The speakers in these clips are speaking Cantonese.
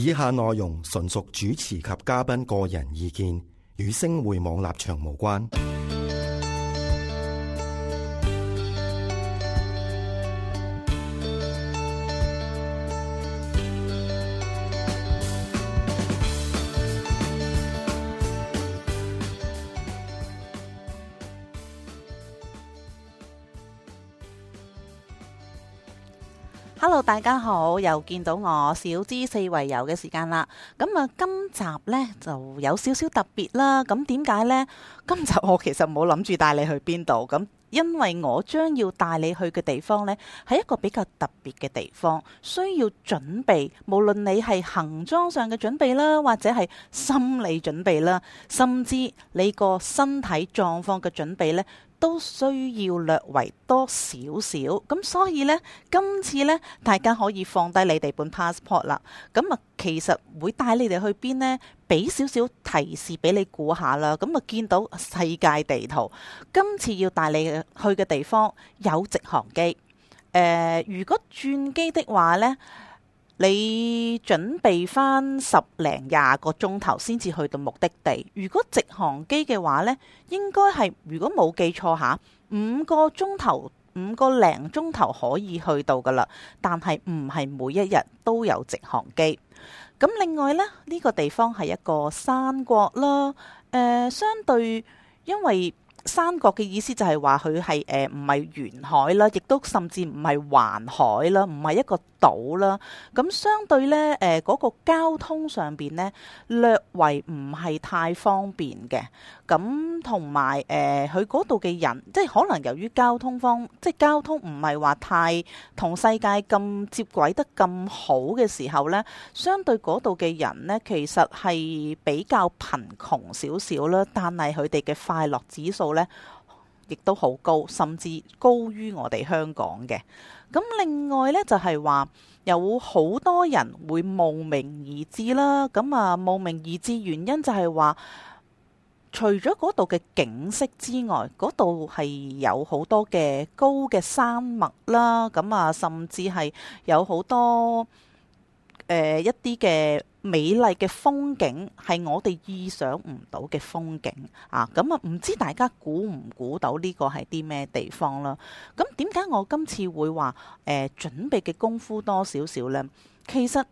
以下內容純屬主持及嘉賓個人意見，與星匯網立場無關。Hello，大家好。又見到我小資四圍遊嘅時間啦，咁啊，今集呢就有少少特別啦。咁點解呢？今集我其實冇諗住帶你去邊度，咁因為我將要帶你去嘅地方呢，係一個比較特別嘅地方，需要準備，無論你係行裝上嘅準備啦，或者係心理準備啦，甚至你個身體狀況嘅準備呢。都需要略為多少少，咁所以呢，今次呢大家可以放低你哋本 passport 啦，咁啊其實會帶你哋去邊呢？俾少少提示俾你估下啦，咁啊見到世界地圖，今次要帶你去嘅地方有直航機，誒、呃、如果轉機的話呢，你準備翻十零廿個鐘頭先至去到目的地。如果直航機嘅話呢，應該係如果冇記錯下，五個鐘頭、五個零鐘頭可以去到噶啦。但係唔係每一日都有直航機。咁另外呢，呢、呢個地方係一個山國啦。誒、呃，相對因為。山國嘅意思就係話佢係誒唔係沿海啦，亦都甚至唔係環海啦，唔係一個島啦。咁相對咧誒，嗰、呃嗰個交通上邊咧，略為唔係太方便嘅。咁同埋誒，佢嗰度嘅人，即係可能由於交通方，即係交通唔係話太同世界咁接軌得咁好嘅時候咧，相對嗰度嘅人咧，其實，係比較貧窮少少啦。但係佢哋嘅快樂指數咧，亦都好高，甚至高於我哋香港嘅。咁另外咧，就係、話有好多人會慕名而至啦。咁啊，慕名而至原因就係話。除咗嗰度嘅景色之外，嗰度係有好多嘅高嘅山脈啦，咁啊，甚至係有好多誒、呃、一啲嘅美麗嘅風景，係我哋意想唔到嘅風景啊！咁、嗯、啊，唔知大家估唔估到呢個係啲咩地方啦？咁點解我今次會話誒、呃、準備嘅功夫多少少咧？其實。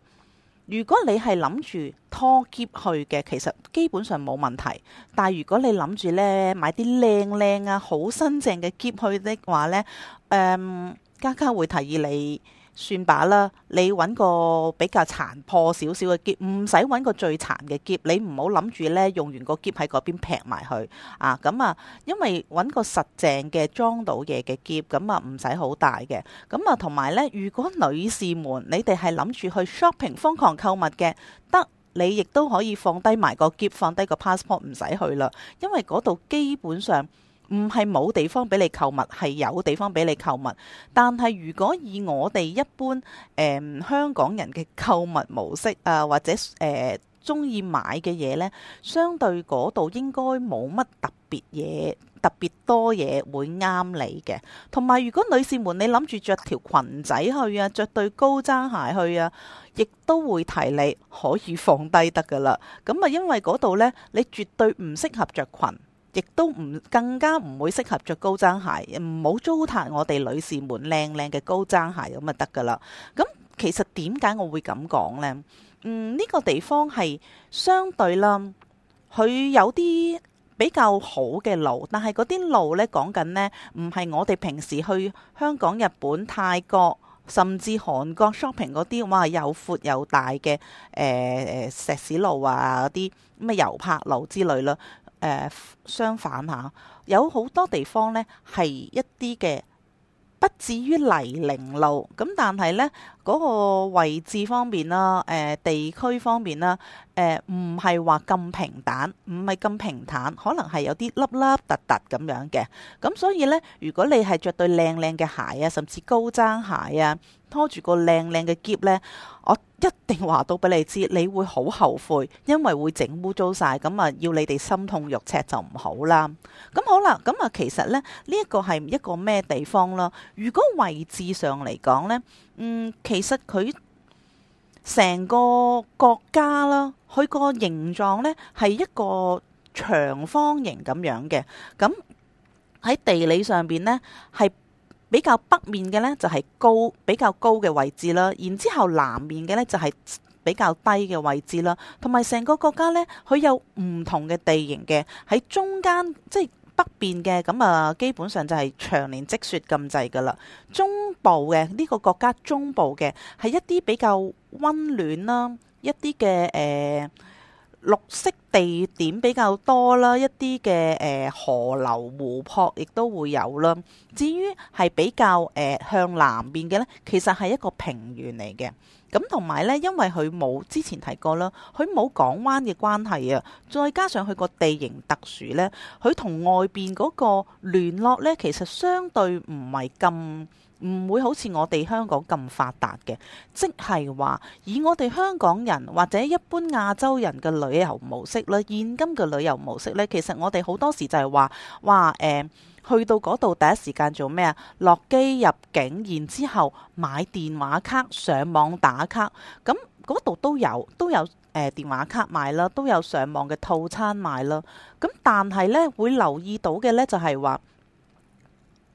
如果你係諗住拖喼去嘅，其實基本上冇問題。但係如果你諗住咧買啲靚靚啊、好新淨嘅喼去的話咧，誒、嗯、家家會提議你。算把啦，你揾個比較殘破少少嘅篋，唔使揾個最殘嘅篋。你唔好諗住咧用完個篋喺嗰邊劈埋佢啊！咁啊，因為揾個實淨嘅裝到嘢嘅篋，咁啊唔使好大嘅。咁啊同埋呢，如果女士們你哋係諗住去 shopping 瘋狂購物嘅，得你亦都可以放低埋個篋，放低個 passport 唔使去啦，因為嗰度基本上。唔係冇地方俾你購物，係有地方俾你購物。但係如果以我哋一般誒、嗯、香港人嘅購物模式啊，或者誒中意買嘅嘢呢，相對嗰度應該冇乜特別嘢、特別多嘢會啱你嘅。同埋如果女士們你諗住着條裙仔去啊，着對高踭鞋去啊，亦都會提你可以放低得噶啦。咁啊，因為嗰度呢，你絕對唔適合着裙。亦都唔更加唔會適合着高踭鞋，唔好糟蹋我哋女士們靚靚嘅高踭鞋咁啊得噶啦！咁其實點解我會咁講呢？嗯，呢個地方係相對啦，佢有啲比較好嘅路，但係嗰啲路呢，講緊呢，唔係我哋平時去香港、日本、泰國甚至韓國 shopping 嗰啲話又闊又大嘅誒誒石屎路啊嗰啲咩油柏路之類啦。誒、呃，相反吓，有好多地方咧係一啲嘅，不至於泥濘路，咁但係咧。嗰個位置方面啦，誒、呃、地區方面啦，誒唔係話咁平坦，唔係咁平坦，可能係有啲凹凹凸凸咁樣嘅。咁所以呢，如果你係着對靚靚嘅鞋啊，甚至高踭鞋啊，拖住個靚靚嘅篋呢，我一定話到俾你知，你會好後悔，因為會整污糟晒。咁啊要你哋心痛肉赤就唔好啦。咁好啦，咁啊其實呢，呢、呢個、一個係一個咩地方咯？如果位置上嚟講呢。嗯，其實佢成個國家啦，佢個形狀咧係一個長方形咁樣嘅，咁喺地理上邊咧係比較北面嘅咧就係高比較高嘅位置啦，然之後南面嘅咧就係比較低嘅位置啦，同埋成個國家咧佢有唔同嘅地形嘅，喺中間即係。北邊嘅咁啊，基本上就係長年積雪咁滯噶啦。中部嘅呢個國家中部嘅係一啲比較温暖啦，一啲嘅誒。呃綠色地點比較多啦，一啲嘅誒河流湖泊亦都會有啦。至於係比較誒、呃、向南邊嘅呢，其實係一個平原嚟嘅。咁同埋呢，因為佢冇之前提過啦，佢冇港灣嘅關係啊，再加上佢個地形特殊呢，佢同外邊嗰個聯絡呢，其實相對唔係咁。唔會好似我哋香港咁發達嘅，即係話以我哋香港人或者一般亞洲人嘅旅遊模式咧，現今嘅旅遊模式呢，其實我哋好多時就係話，哇誒、呃，去到嗰度第一時間做咩啊？落機入境，然之後買電話卡、上網打卡，咁嗰度都有都有誒、呃、電話卡買啦，都有上網嘅套餐買啦。咁、嗯、但係呢，會留意到嘅呢就係、是、話。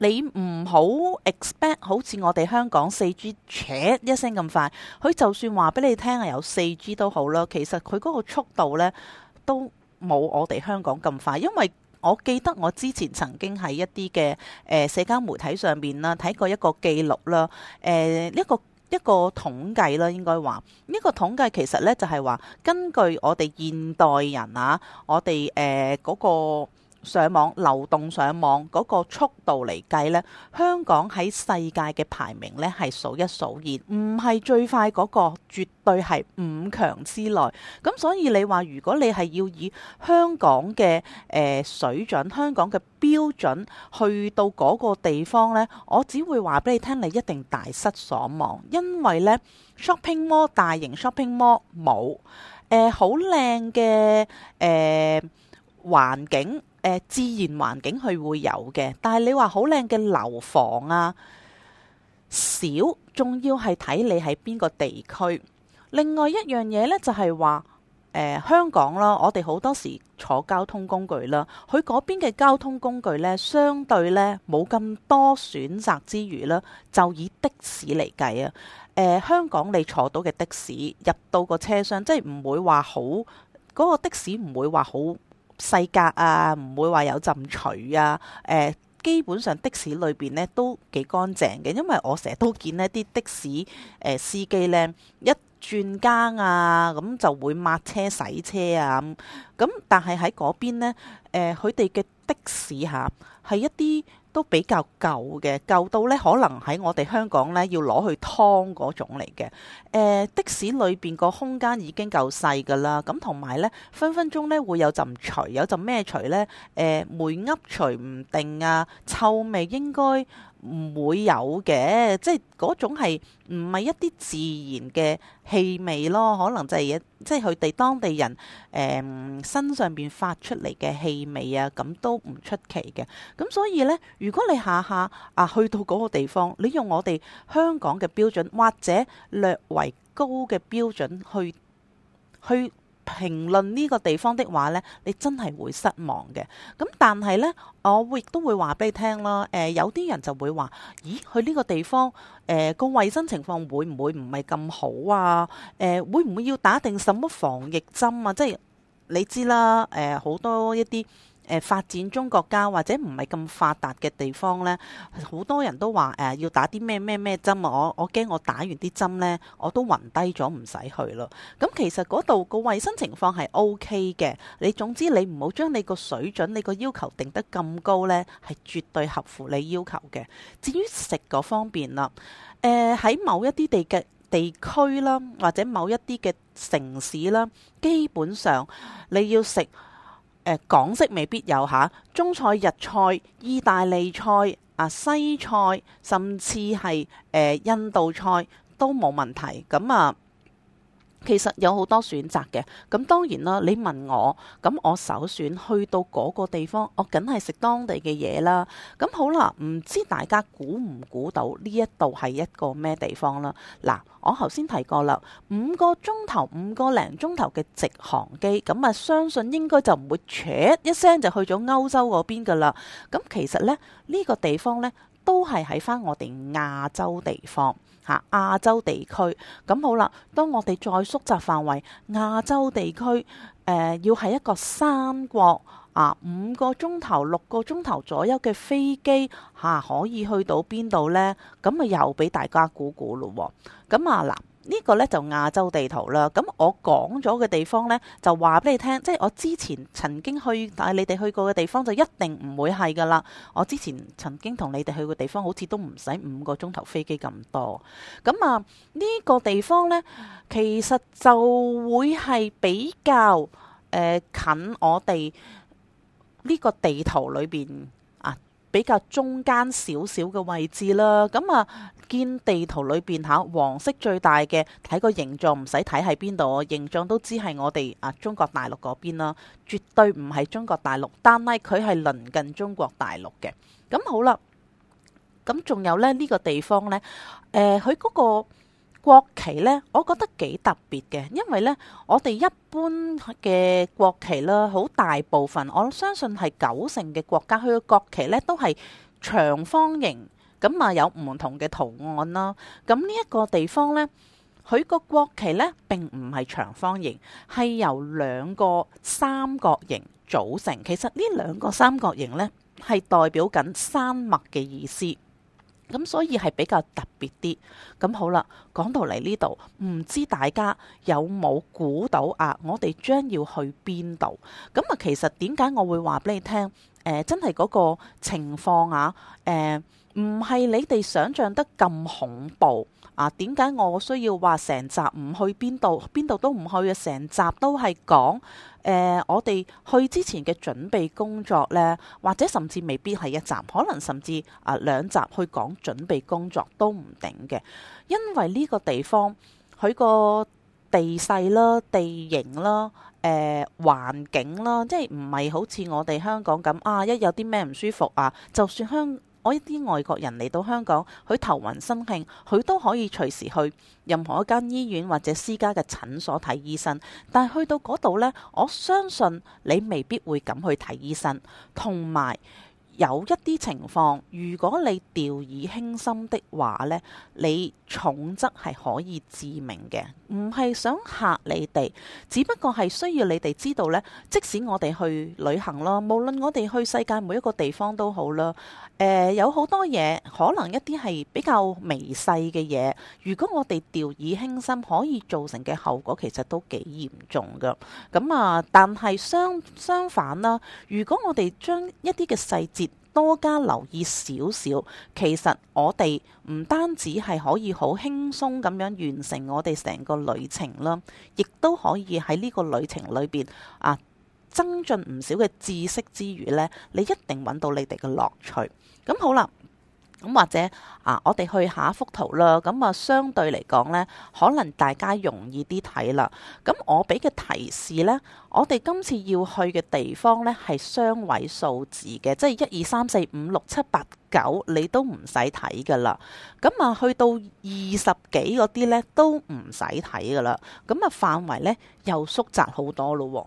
你唔好 expect 好似我哋香港四 G 扯一聲咁快，佢就算話俾你聽係有四 G 都好啦。其實佢嗰個速度呢都冇我哋香港咁快，因為我記得我之前曾經喺一啲嘅誒社交媒體上面啦睇過一個記錄啦，誒、呃、一個一個統計啦，應該話一個統計，其實呢就係話根據我哋現代人啊，我哋誒嗰個。上網流動上網嗰個速度嚟計呢，香港喺世界嘅排名呢係數一數二，唔係最快嗰個，絕對係五強之內。咁所以你話如果你係要以香港嘅誒水準、香港嘅標準去到嗰個地方呢，我只會話俾你聽，你一定大失所望，因為呢 shopping mall 大型 shopping mall 冇誒好靚嘅誒環境。自然環境係會有嘅，但係你話好靚嘅樓房啊，少，仲要係睇你喺邊個地區。另外一樣嘢呢，就係話，誒，香港啦，我哋好多時坐交通工具啦，佢嗰邊嘅交通工具呢，相對呢冇咁多選擇之餘咧，就以的士嚟計啊，誒，香港你坐到嘅的士入到個車廂，即係唔會話好，嗰個的士唔會話好。細格啊，唔會話有浸水啊，誒、呃，基本上的士裏邊呢都幾乾淨嘅，因為我成日都見呢啲的士誒、呃、司機呢一轉更啊，咁、嗯、就會抹車洗車啊，咁、嗯，咁但係喺嗰邊呢，佢哋嘅的士下係、啊、一啲，都比較舊嘅，舊到呢可能喺我哋香港呢要攞去劏嗰種嚟嘅。誒、呃、的士裏邊個空間已經夠細㗎啦，咁同埋呢，分分鐘呢會有陣除，有陣咩除呢？誒煤鴨除唔定啊，臭味應該。唔會有嘅，即係嗰種係唔係一啲自然嘅氣味咯？可能就係、是、嘢，即係佢哋當地人誒、呃、身上邊發出嚟嘅氣味啊，咁都唔出奇嘅。咁所以呢，如果你下下啊去到嗰個地方，你用我哋香港嘅標準或者略為高嘅標準去去，評論呢個地方的話呢，你真係會失望嘅。咁但係呢，我亦都會話俾你聽咯。誒、呃，有啲人就會話：「咦，去呢個地方，誒、呃、個衞生情況會唔會唔係咁好啊？誒、呃，會唔會要打定什麼防疫針啊？即係你知啦，誒、呃、好多一啲。誒發展中國家或者唔係咁發達嘅地方呢，好多人都話誒、呃、要打啲咩咩咩針啊！我我驚我打完啲針呢，我都暈低咗唔使去咯。咁、嗯、其實嗰度個衞生情況係 O K 嘅。你總之你唔好將你個水準、你個要求定得咁高呢，係絕對合乎你要求嘅。至於食嗰方面啦，誒、呃、喺某一啲地嘅地區啦，或者某一啲嘅城市啦，基本上你要食。港式未必有吓，中菜、日菜、意大利菜、啊西菜，甚至係誒印度菜都冇問題。咁啊～其實有好多選擇嘅，咁當然啦。你問我，咁我首選去到嗰個地方，我梗係食當地嘅嘢啦。咁好啦，唔知大家估唔估到呢一度係一個咩地方啦？嗱，我頭先提過啦，五個鐘頭、五個零鐘頭嘅直航機，咁啊，相信應該就唔會扯一聲就去咗歐洲嗰邊噶啦。咁其實呢，呢、呢個地方呢，都係喺翻我哋亞洲地方。嚇亞洲地區，咁好啦。當我哋再縮窄範圍，亞洲地區，誒、呃、要喺一個三國啊，五個鐘頭、六個鐘頭左右嘅飛機嚇、啊、可以去到邊度呢？咁咪又俾大家估估咯。咁啊啦。呢個呢就亞洲地圖啦。咁我講咗嘅地方呢，就話俾你聽，即係我之前曾經去帶你哋去過嘅地方，就一定唔會係㗎啦。我之前曾經同你哋去過嘅地方，好似都唔使五個鐘頭飛機咁多。咁啊，呢、呢個地方呢，其實就會係比較誒、呃、近我哋呢個地圖裏邊。比較中間少少嘅位置啦，咁啊，見地圖裏邊嚇黃色最大嘅，睇個形狀唔使睇喺邊度，形狀都知係我哋啊中國大陸嗰邊啦，絕對唔係中國大陸，但係佢係鄰近中國大陸嘅。咁好啦，咁仲有咧呢、呢個地方呢？誒佢嗰個國旗呢，我覺得幾特別嘅，因為呢，我哋一般嘅國旗啦，好大部分我相信係九成嘅國家佢嘅國旗呢，都係長方形，咁啊有唔同嘅圖案啦。咁呢一個地方呢，佢個國旗呢並唔係長方形，係由兩個三角形組成。其實呢兩個三角形呢，係代表緊山脈嘅意思。咁、嗯、所以係比較特別啲，咁、嗯、好啦，講到嚟呢度，唔知大家有冇估到啊？我哋將要去邊度？咁、嗯、啊，其實點解我會話俾你聽？誒、呃、真係嗰個情況、呃、啊！誒唔係你哋想象得咁恐怖啊？點解我需要話成集唔去邊度？邊度都唔去嘅，成集都係講誒我哋去之前嘅準備工作呢，或者甚至未必係一集，可能甚至啊兩集去講準備工作都唔定嘅，因為呢個地方佢個地勢啦、地形啦。誒、呃、環境啦，即係唔係好似我哋香港咁啊！一有啲咩唔舒服啊，就算香港，一啲外國人嚟到香港，佢頭暈身興，佢都可以隨時去任何一間醫院或者私家嘅診所睇醫生。但係去到嗰度呢，我相信你未必會咁去睇醫生，同埋。有一啲情況，如果你掉以輕心的話呢，你重則係可以致命嘅。唔係想嚇你哋，只不過係需要你哋知道呢，即使我哋去旅行咯，無論我哋去世界每一個地方都好啦。誒、呃，有好多嘢可能一啲係比較微細嘅嘢，如果我哋掉以輕心，可以造成嘅後果其實都幾嚴重噶。咁啊，但係相相反啦，如果我哋將一啲嘅細節，多加留意少少，其實我哋唔單止係可以好輕鬆咁樣完成我哋成個旅程啦，亦都可以喺呢個旅程裏邊啊增進唔少嘅知識之餘呢，你一定揾到你哋嘅樂趣。咁好啦。咁或者啊，我哋去下一幅圖啦。咁、嗯、啊，相對嚟講呢，可能大家容易啲睇啦。咁、嗯、我俾嘅提示呢，我哋今次要去嘅地方呢係雙位數字嘅，即係一二三四五六七八九，你都唔使睇噶啦。咁、嗯、啊，去到二十幾嗰啲呢都唔使睇噶啦。咁、嗯、啊，範圍呢又縮窄好多咯，哦。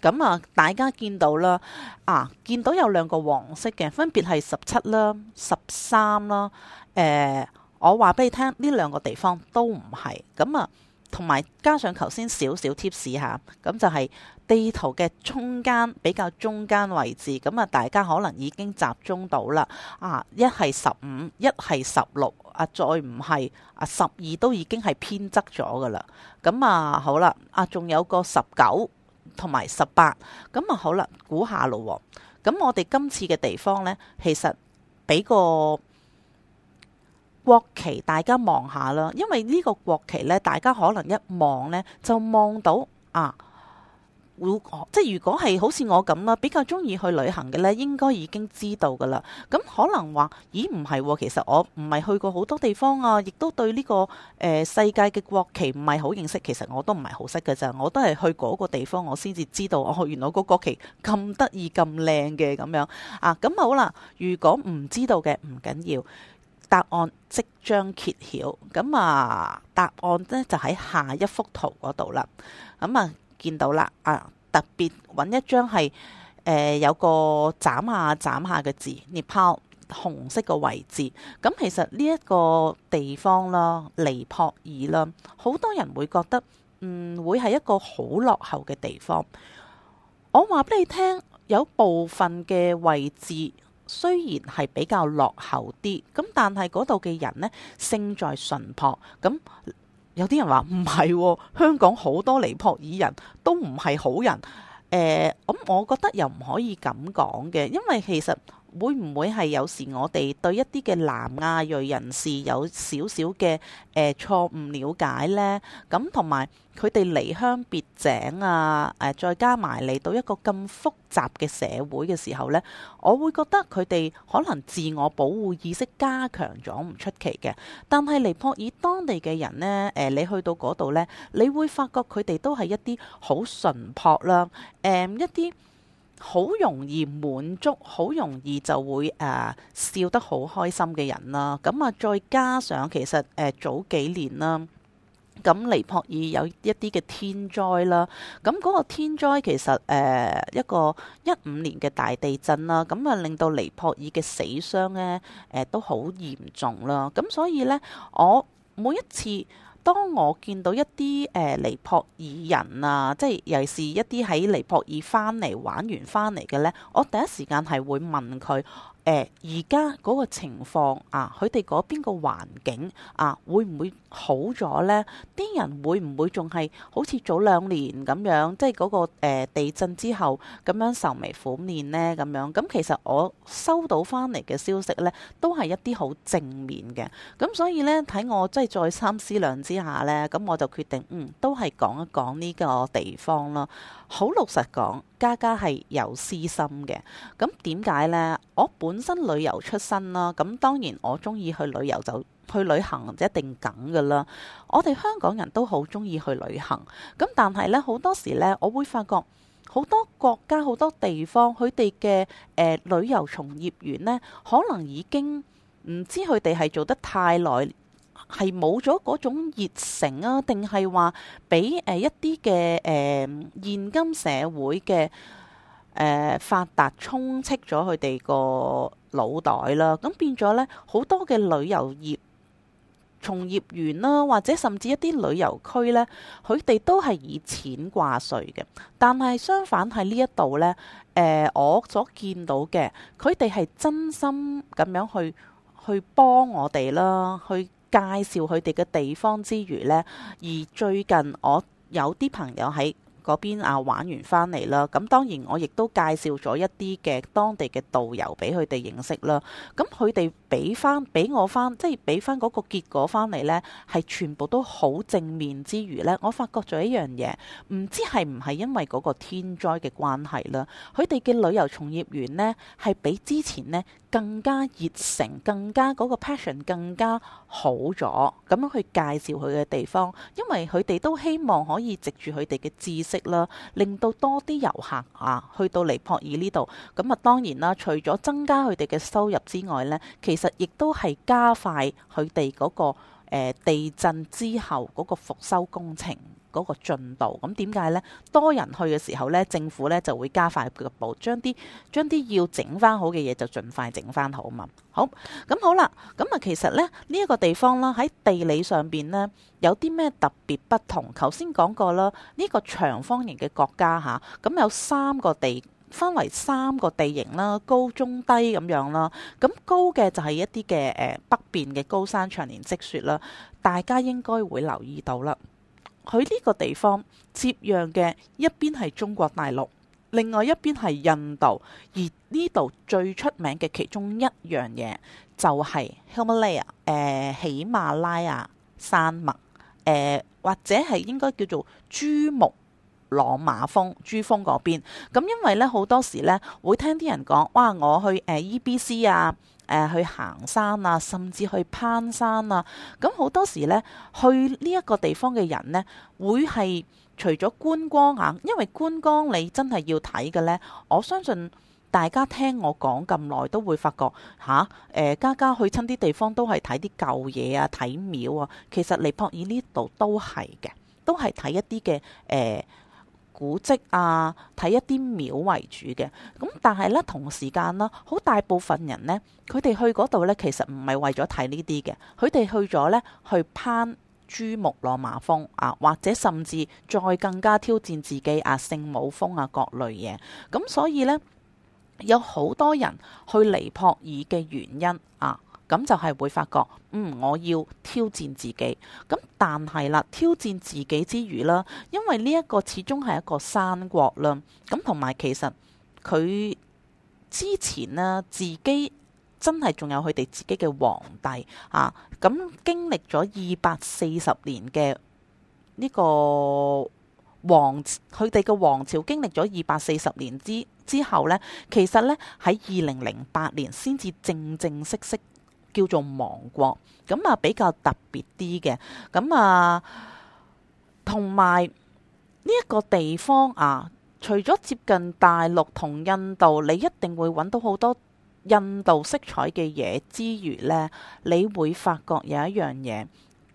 咁啊，大家見到啦，啊，見到有兩個黃色嘅，分別係十七啦、十三啦。誒、呃，我話俾你聽，呢兩個地方都唔係。咁啊，同埋加上頭先少少貼士吓，咁就係地圖嘅中間比較中間位置。咁啊，大家可能已經集中到啦。啊，一係十五，一係十六，啊，再唔係啊，十二都已經係偏側咗噶啦。咁啊，好啦，啊，仲有個十九。同埋十八，咁啊，好啦，估下咯。咁我哋今次嘅地方呢，其實俾個國旗大家望下啦，因為呢個國旗呢，大家可能一望呢就望到啊。即係如果係好似我咁啦，比較中意去旅行嘅呢，應該已經知道噶啦。咁可能話：咦，唔係、哦，其實我唔係去過好多地方啊，亦都對呢、呢個誒、呃、世界嘅國旗唔係好認識。其實我都唔係好識嘅咋，我都係去嗰個地方我先至知道，哦，原來嗰個國旗咁得意咁靚嘅咁樣啊。咁好啦，如果唔知道嘅唔緊要，答案即將揭曉。咁啊，答案呢就喺下一幅圖嗰度啦。咁啊～見到啦，啊！特別揾一張係誒、呃、有個斬下斬下嘅字，尼泊爾紅色嘅位置。咁、嗯、其實呢一個地方啦，尼泊爾啦，好多人會覺得嗯會係一個好落後嘅地方。我話俾你聽，有部分嘅位置雖然係比較落後啲，咁、嗯、但係嗰度嘅人呢，勝在純樸。咁、嗯。有啲人話唔係喎，香港好多尼泊爾人都唔係好人。誒、呃，咁我覺得又唔可以咁講嘅，因為其實。會唔會係有時我哋對一啲嘅南亞裔人士有少少嘅誒錯誤了解呢？咁同埋佢哋離鄉別井啊，誒、呃、再加埋嚟到一個咁複雜嘅社會嘅時候呢，我會覺得佢哋可能自我保護意識加強咗唔出奇嘅。但係尼泊爾當地嘅人呢，誒、呃、你去到嗰度呢，你會發覺佢哋都係一啲好淳樸啦，誒、嗯、一啲。好容易滿足，好容易就會誒、啊、笑得好開心嘅人啦。咁啊，再加上其實誒、啊、早幾年啦，咁、啊、尼泊爾有一啲嘅天災啦。咁、啊、嗰、那個天災其實誒、啊、一個一五年嘅大地震啦，咁啊令到尼泊爾嘅死傷咧誒、啊、都好嚴重啦。咁、啊、所以咧，我每一次。當我見到一啲誒、呃、尼泊爾人啊，即係尤其是一啲喺尼泊爾翻嚟玩完翻嚟嘅呢，我第一時間係會問佢。誒而家嗰個情況啊，佢哋嗰邊個環境啊，會唔會好咗呢？啲人會唔會仲係好似早兩年咁樣，即係嗰個誒地震之後咁樣愁眉苦面呢？咁樣？咁其實我收到翻嚟嘅消息呢，都係一啲好正面嘅。咁所以呢，睇我即係再三思量之下呢，咁我就決定，嗯，都係講一講呢個地方咯。好，老實講。家家係有私心嘅，咁點解呢？我本身旅遊出身啦，咁當然我中意去旅遊就去旅行就一定梗噶啦。我哋香港人都好中意去旅行，咁但係呢，好多時呢，我會發覺好多國家好多地方佢哋嘅誒旅遊從業員呢，可能已經唔知佢哋係做得太耐，係冇咗嗰種熱誠啊，定係話俾誒一啲嘅誒現今社會嘅誒、呃、發達充斥咗佢哋個腦袋啦。咁變咗呢，好多嘅旅遊業從業員啦、啊，或者甚至一啲旅遊區呢，佢哋都係以錢掛帥嘅。但係相反喺呢一度呢，誒、呃、我所見到嘅，佢哋係真心咁樣去去幫我哋啦，去。介紹佢哋嘅地方之餘呢，而最近我有啲朋友喺嗰邊啊，玩完翻嚟啦，咁當然我亦都介紹咗一啲嘅當地嘅導遊俾佢哋認識啦。咁佢哋俾翻俾我翻，即係俾翻嗰個結果翻嚟呢，係全部都好正面之餘呢，我發覺咗一樣嘢，唔知係唔係因為嗰個天災嘅關係啦，佢哋嘅旅遊從業員呢，係比之前呢更加熱誠、更加嗰個 passion、更加好咗，咁樣去介紹佢嘅地方，因為佢哋都希望可以藉住佢哋嘅知識。令到多啲遊客啊去到尼泊爾呢度，咁啊當然啦，除咗增加佢哋嘅收入之外呢，其實亦都係加快佢哋嗰個誒、呃、地震之後嗰個復修工程。嗰個進度，咁點解呢？多人去嘅時候呢，政府呢就會加快腳步，將啲將啲要整翻好嘅嘢就盡快整翻好嘛，好，咁好啦，咁啊，其實呢，呢、呢、一個地方啦，喺地理上邊呢，有啲咩特別不同？頭先講過啦，呢、呢個長方形嘅國家嚇，咁、啊、有三個地分為三個地形啦，高中低咁樣啦，咁高嘅就係一啲嘅誒北邊嘅高山長年積雪啦，大家應該會留意到啦。佢呢個地方接壤嘅一邊係中國大陸，另外一邊係印度。而呢度最出名嘅其中一樣嘢就係喜馬拉雅誒喜馬拉雅山脈誒、呃，或者係應該叫做珠穆朗瑪峰，珠峰嗰邊咁。因為咧好多時咧會聽啲人講哇，我去誒 E B C 啊。誒、呃、去行山啊，甚至去攀山啊。咁、嗯、好多時呢，去呢一個地方嘅人呢，會係除咗觀光眼、啊。因為觀光你真係要睇嘅呢，我相信大家聽我講咁耐，都會發覺嚇誒、啊呃，家家去親啲地方都係睇啲舊嘢啊，睇廟啊。其實尼泊爾呢度都係嘅，都係睇一啲嘅誒。呃古蹟啊，睇一啲廟為主嘅，咁但係呢，同時間啦，好大部分人呢，佢哋去嗰度呢，其實唔係為咗睇呢啲嘅，佢哋去咗呢，去攀珠穆朗瑪峰啊，或者甚至再更加挑戰自己啊聖母峰啊各類嘢，咁、啊、所以呢，有好多人去尼泊爾嘅原因啊。咁就係會發覺，嗯，我要挑戰自己。咁但係啦，挑戰自己之餘啦，因為呢一個始終係一個山國啦。咁同埋，其實佢之前咧，自己真係仲有佢哋自己嘅皇帝啊。咁經歷咗二百四十年嘅呢個皇，佢哋嘅王朝經歷咗二百四十年之之後咧，其實咧喺二零零八年先至正正式式。叫做亡國，咁啊比較特別啲嘅。咁啊同埋呢一個地方啊，除咗接近大陸同印度，你一定會揾到好多印度色彩嘅嘢之餘呢，你會發覺有一樣嘢，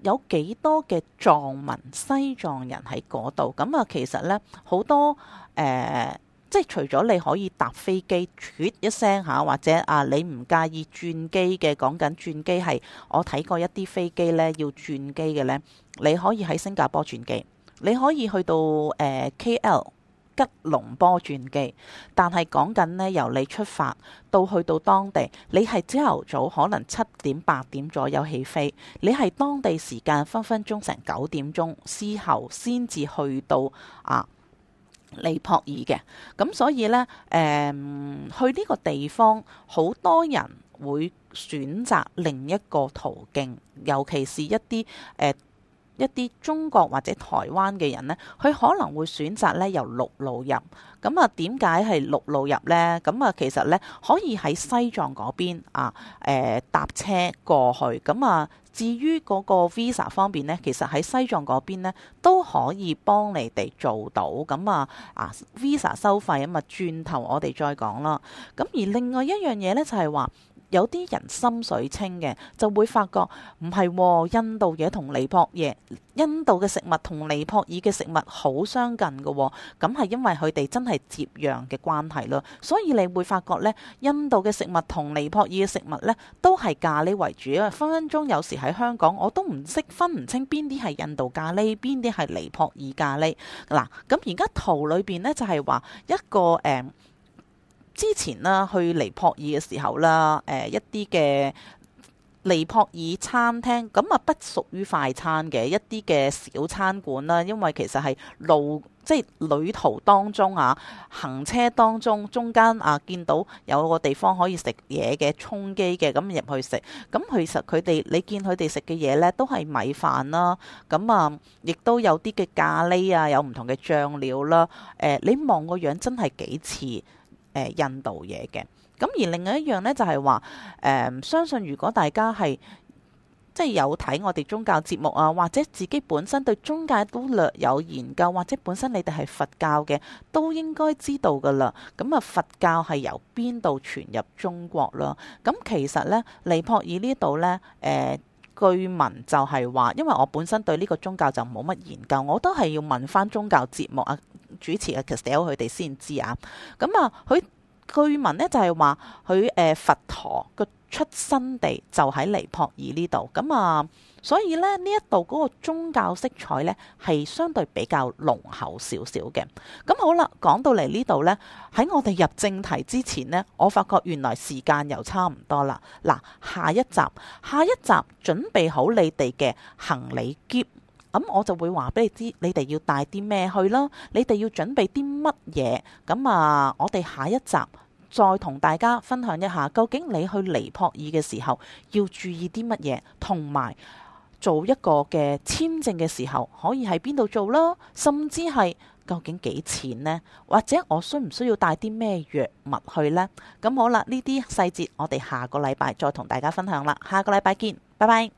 有幾多嘅藏民、西藏人喺嗰度，咁啊其實呢，好多誒。呃即係除咗你可以搭飛機，啜一聲吓，或者啊，你唔介意轉機嘅，講緊轉機係我睇過一啲飛機咧要轉機嘅咧，你可以喺新加坡轉機，你可以去到誒、呃、KL 吉隆坡轉機，但係講緊咧由你出發到去到當地，你係朝頭早可能七點八點左右起飛，你係當地時間分分鐘成九點鐘之後先至去到啊。尼泊爾嘅，咁所以呢，誒、嗯、去呢個地方，好多人會選擇另一個途徑，尤其是一啲誒、呃、一啲中國或者台灣嘅人呢，佢可能會選擇咧由陸路入。咁啊，點解係陸路入呢？咁啊，其實呢，可以喺西藏嗰邊啊，誒、呃、搭車過去。咁啊。至於嗰個 Visa 方面呢，其實喺西藏嗰邊都可以幫你哋做到，咁啊啊 Visa 收費啊嘛，轉頭我哋再講啦。咁而另外一樣嘢呢，就係話。有啲人心水清嘅，就會發覺唔係印度嘢同尼泊爾，印度嘅食物同尼泊爾嘅食物好相近嘅，哦，咁係因為佢哋真係接壤嘅關係咯。所以你會發覺呢，印度嘅食物同尼泊爾嘅食物呢都係咖喱為主啊！因為分分鐘有時喺香港我都唔識分唔清邊啲係印度咖喱，邊啲係尼泊爾咖喱。嗱、啊，咁而家圖裏邊呢就係、是、話一個誒。嗯之前啦，去尼泊爾嘅時候啦，誒一啲嘅尼泊爾餐廳咁啊，不屬於快餐嘅一啲嘅小餐館啦。因為其實係路即係旅途當中啊，行車當中中間啊，見到有個地方可以食嘢嘅充飢嘅，咁入去食。咁其實佢哋你見佢哋食嘅嘢呢，都係米飯啦，咁啊，亦都有啲嘅咖喱啊，有唔同嘅醬料啦。誒，你望個樣真係幾似。印度嘢嘅，咁而另外一樣呢，就係話誒，相信如果大家係即係有睇我哋宗教節目啊，或者自己本身對宗教都略有研究，或者本身你哋係佛教嘅，都應該知道噶啦。咁、嗯、啊，佛教係由邊度傳入中國咯？咁、嗯、其實呢，尼泊爾呢度呢，誒據聞就係話，因為我本身對呢個宗教就冇乜研究，我都係要問翻宗教節目啊。主持嘅，其實佢哋先知啊！咁啊，佢據聞呢，就係話佢誒佛陀個出生地就喺尼泊爾呢度，咁啊，所以咧呢一度嗰個宗教色彩呢，係相對比較濃厚少少嘅。咁好啦，講到嚟呢度呢，喺我哋入正題之前呢，我發覺原來時間又差唔多啦。嗱，下一集，下一集，準備好你哋嘅行李夾。咁我就會話俾你知，你哋要帶啲咩去啦？你哋要準備啲乜嘢？咁啊，我哋下一集再同大家分享一下，究竟你去尼泊爾嘅時候要注意啲乜嘢，同埋做一個嘅簽證嘅時候可以喺邊度做啦？甚至係究竟幾錢呢？或者我需唔需要帶啲咩藥物去呢？咁好啦，呢啲細節我哋下個禮拜再同大家分享啦。下個禮拜見，拜拜。